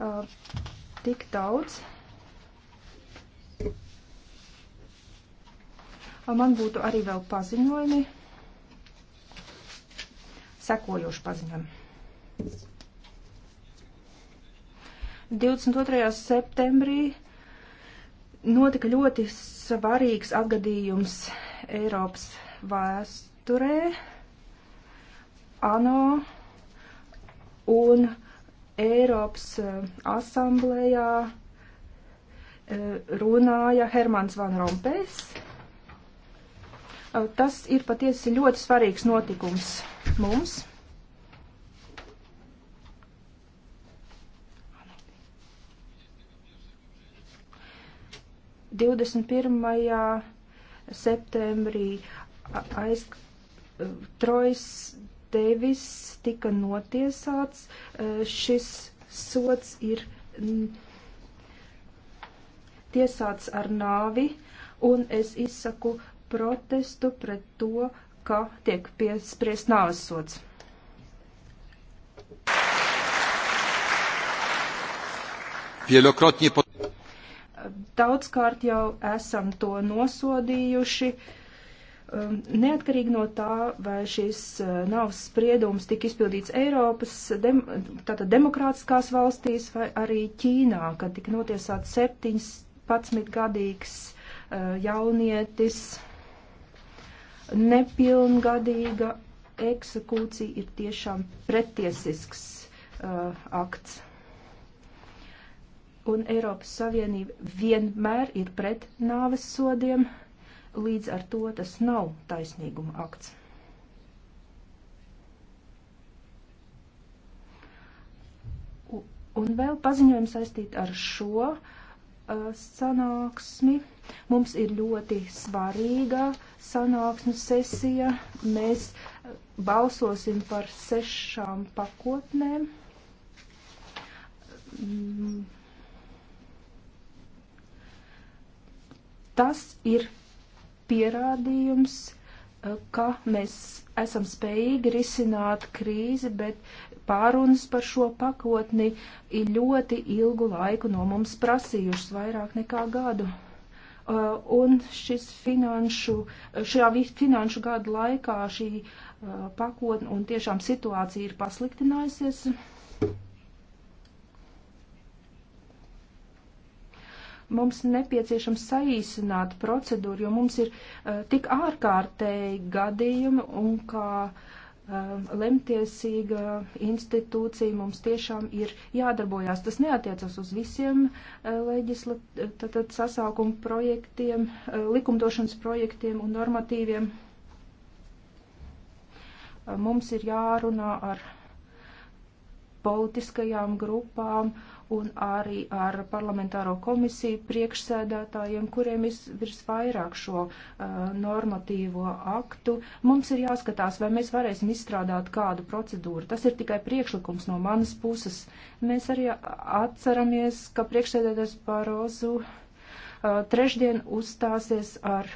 uh, tik daudz. Uh, man būtu arī vēl paziņojumi, sekojoši paziņojumi. 22. septembrī notika ļoti svarīgs atgadījums Eiropas vēsturē, ANO un Eiropas eh, asamblējā eh, runāja Hermans Van Rompējs. Eh, tas ir patiesi ļoti svarīgs notikums mums. Divdesmit pirmajā septembrī aiz, trojas Devis tika notiesāts. Eh, šis sots ir mm, tiesāts ar nāvi, un es izsaku protestu pret to, ka tiek piespriest nāves sots. Daudzkārt jau esam to nosodījuši. Uh, Um, neatkarīgi no tā, vai šis uh, navas spriedums tika izpildīts Eiropas, dem, tātad demokrātiskās valstīs, vai arī Ķīnā, kad tika notiesāts 17-gadīgs uh, jaunietis, nepilngadīga eksekūcija ir tiešām pretiesisks uh, akts. Un Eiropas Savienība vienmēr ir pret nāves sodiem. Uh, Līdz ar to tas nav taisnīguma akts. Un vēl paziņojums saistīt ar šo uh, sanāksmi. Mums ir ļoti svarīga sanāksmes sesija. Mēs uh, balsosim par sešām pakotnēm. Mm. Tas ir pierādījums, eh, ka mēs esam spējīgi risināt krīzi, bet pārunas par šo pakotni ir ļoti ilgu laiku no mums prasījušas, vairāk nekā gadu. Eh, un šis finanšu, šajā finanšu gadu laikā šī eh, pakotne un tiešām situācija ir pasliktinājusies. Mums nepieciešams saīsināt procedūru, jo mums ir uh, tik ārkārtēji gadījumi un kā uh, lemtiesīga institūcija mums tiešām ir jādarbojās. Tas neatiecas uz visiem uh, eh, leģislat, tātad sasaukumu projektiem, uh, likumdošanas projektiem un normatīviem. Uh, mums ir jārunā ar politiskajām grupām un arī ar parlamentāro komisiju priekšsēdētājiem, kuriem ir visvairāk šo uh, normatīvo aktu. Mums ir jāskatās, vai mēs varēsim izstrādāt kādu procedūru. Tas ir tikai priekšlikums no manas puses. Mēs arī atceramies, ka priekšsēdētājs Parozu uh, trešdien uzstāsies ar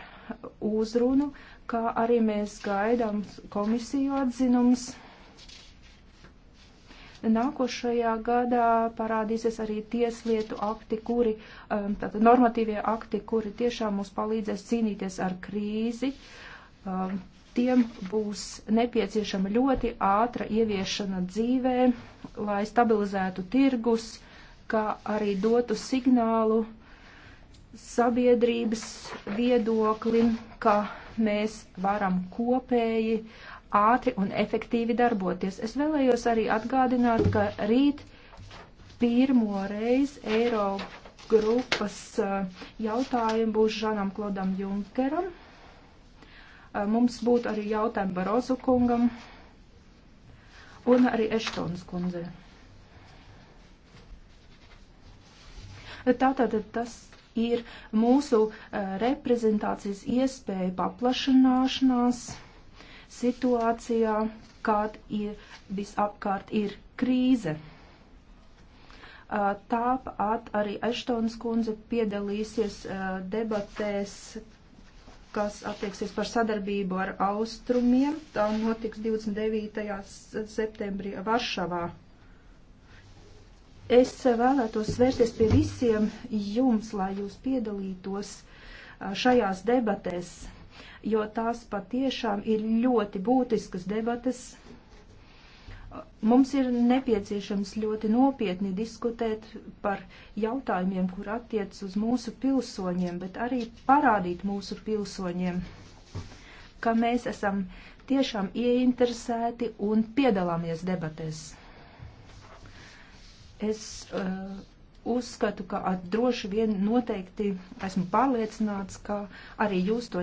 uzrunu, kā arī mēs gaidām komisiju atzinums Nākošajā gadā parādīsies arī tieslietu akti, kuri, um, tātad normatīvie akti, kuri tiešām mums palīdzēs cīnīties ar krīzi. Um, tiem būs nepieciešama ļoti ātra ieviešana dzīvē, lai stabilizētu tirgus, kā arī dotu signālu sabiedrības viedoklim, ka mēs varam kopēji uh, ātri un efektīvi darboties. Es vēlējos arī atgādināt, ka rīt pirmo reizi Eiro grupas eh, jautājumu būs Žanam Klodam Junkeram. Eh, mums būtu arī jautājumi Barozu kungam un arī Eštons kundzei. Tātad tas ir mūsu eh, reprezentācijas iespēja paplašanāšanās situācijā, kad ir visapkārt ir krīze. Tāpat arī Eštons kundze piedalīsies debatēs, kas attieksies par sadarbību ar austrumiem. Tā notiks 29. septembrī Varšavā. Es vēlētos svērsties pie visiem jums, lai jūs piedalītos šajās debatēs jo tās patiešām ir ļoti būtiskas debates. Mums ir nepieciešams ļoti nopietni diskutēt par jautājumiem, kur attiec uz mūsu pilsoņiem, bet arī parādīt mūsu pilsoņiem, ka mēs esam tiešām ieinteresēti un piedalāmies debatēs. Es uh, uzskatu, ka droši vien noteikti esmu pārliecināts, ka arī jūs to